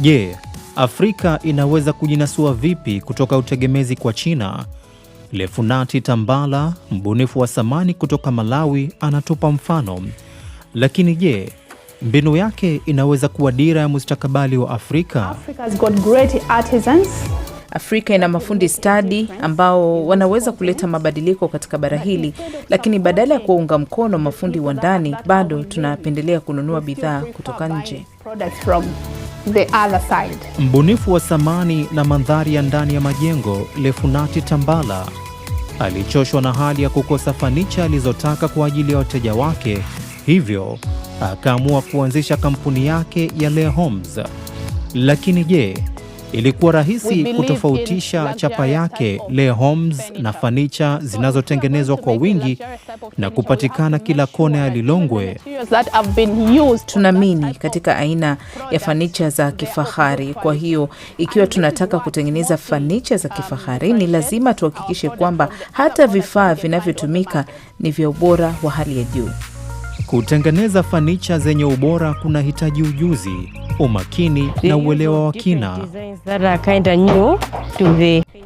Je, yeah, Afrika inaweza kujinasua vipi kutoka utegemezi kwa China? Lefunati Tambala, mbunifu wa samani kutoka Malawi, anatupa mfano. Lakini je, yeah, mbinu yake inaweza kuwa dira ya mustakabali wa Afrika? Afrika ina mafundi stadi ambao wanaweza kuleta mabadiliko katika bara hili, lakini badala ya kuwaunga mkono mafundi wa ndani, bado tunapendelea kununua bidhaa kutoka nje the other side. Mbunifu wa samani na mandhari ya ndani ya majengo Lefunati Tambala alichoshwa na hali ya kukosa fanicha alizotaka kwa ajili ya wateja wake, hivyo akaamua kuanzisha kampuni yake ya Lea Homes. Lakini je, Ilikuwa rahisi kutofautisha chapa yake Le Homes na fanicha zinazotengenezwa kwa wingi na kupatikana kila kona ya Lilongwe. Tunaamini katika aina ya fanicha za kifahari. Kwa hiyo ikiwa tunataka kutengeneza fanicha za um, kifahari, ni lazima uh, tuhakikishe kwamba hata vifaa vinavyotumika uh, ni vya ubora wa hali ya juu. Kutengeneza fanicha zenye ubora kunahitaji ujuzi umakini na uelewa wa kina.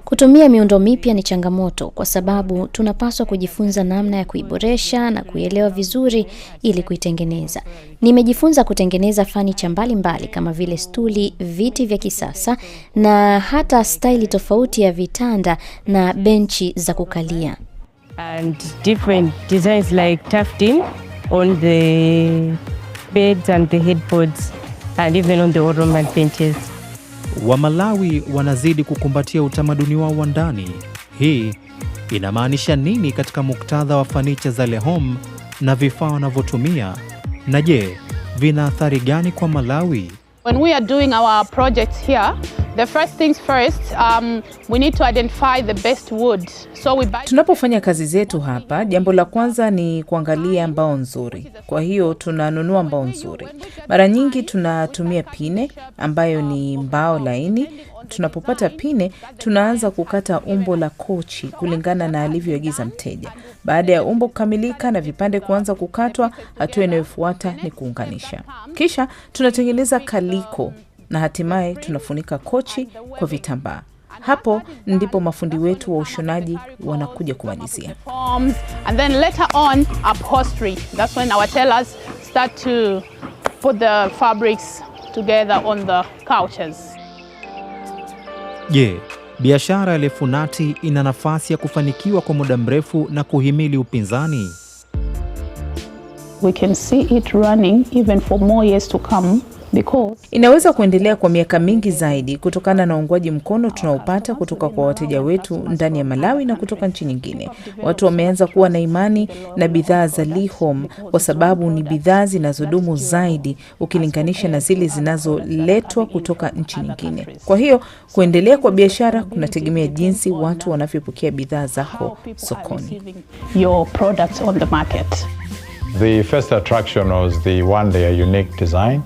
Kutumia miundo mipya ni changamoto, kwa sababu tunapaswa kujifunza namna ya kuiboresha na kuielewa vizuri ili kuitengeneza. Nimejifunza kutengeneza fanicha mbalimbali kama vile stuli, viti vya kisasa na hata staili tofauti ya vitanda na benchi za kukalia. And and even on the Ottoman benches. Wamalawi wanazidi kukumbatia utamaduni wao wa ndani. Hii inamaanisha nini katika muktadha wa fanicha za Lehome na vifaa wanavyotumia? Na je, vina athari gani kwa Malawi? When we are doing our projects here The first things first, um, we need to identify the best wood. So we buy... Tunapofanya kazi zetu hapa, jambo la kwanza ni kuangalia mbao nzuri. Kwa hiyo tunanunua mbao nzuri. Mara nyingi tunatumia pine ambayo ni mbao laini. Tunapopata pine, tunaanza kukata umbo la kochi kulingana na alivyoagiza mteja. Baada ya umbo kukamilika na vipande kuanza kukatwa, hatua inayofuata ni kuunganisha. Kisha tunatengeneza kaliko na hatimaye tunafunika kochi kwa vitambaa. Hapo ndipo mafundi wetu wa ushonaji wanakuja kumalizia. Je, biashara ya lefunati ina nafasi ya kufanikiwa kwa muda mrefu na kuhimili upinzani? We can see it running even for more years to come inaweza kuendelea kwa miaka mingi zaidi kutokana na uungwaji mkono tunaopata kutoka kwa wateja wetu ndani ya Malawi na kutoka nchi nyingine. Watu wameanza kuwa na imani na bidhaa za Lihome kwa sababu ni bidhaa zinazodumu zaidi ukilinganisha na zile zinazoletwa kutoka nchi nyingine. Kwa hiyo kuendelea kwa biashara kunategemea jinsi watu wanavyopokea bidhaa zako sokoni. The first attraction was the one unique design.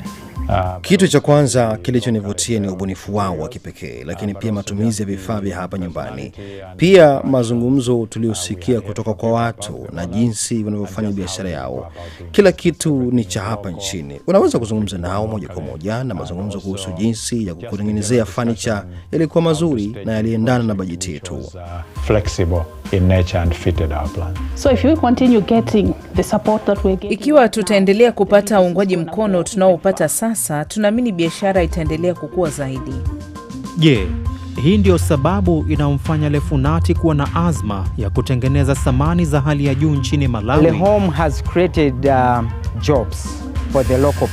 Kitu cha kwanza kilichonivutia ni ubunifu wao wa kipekee, lakini pia matumizi ya vifaa vya hapa nyumbani, pia mazungumzo tuliosikia kutoka kwa watu na jinsi wanavyofanya biashara yao. Kila kitu ni cha hapa nchini, unaweza kuzungumza nao moja kwa moja, na mazungumzo kuhusu jinsi ya kukutengenezea fanicha yalikuwa mazuri na yaliendana na bajeti yetu. Ikiwa tutaendelea kupata uungwaji mkono tunaopata sasa, tunaamini biashara itaendelea kukua zaidi. Je, yeah, hii ndiyo sababu inayomfanya Lefunati kuwa na azma ya kutengeneza samani za hali ya juu nchini Malawi. has created, uh, jobs for the local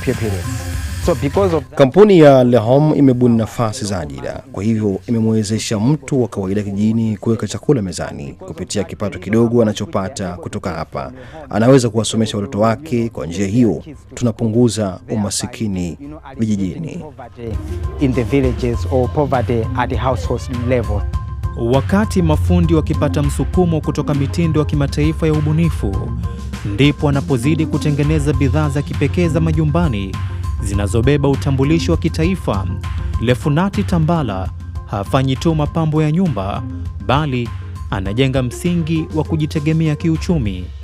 So because of that... Kampuni ya Lehom imebuni nafasi za ajira, kwa hivyo imemwezesha mtu wa kawaida kijijini kuweka chakula mezani kupitia kipato kidogo anachopata kutoka hapa. Anaweza kuwasomesha watoto wake. Kwa njia hiyo tunapunguza umasikini vijijini. Wakati mafundi wakipata msukumo kutoka mitindo ya kimataifa ya ubunifu, ndipo wanapozidi kutengeneza bidhaa za kipekee za majumbani zinazobeba utambulisho wa kitaifa, Lefunati Tambala hafanyi tu mapambo ya nyumba bali anajenga msingi wa kujitegemea kiuchumi.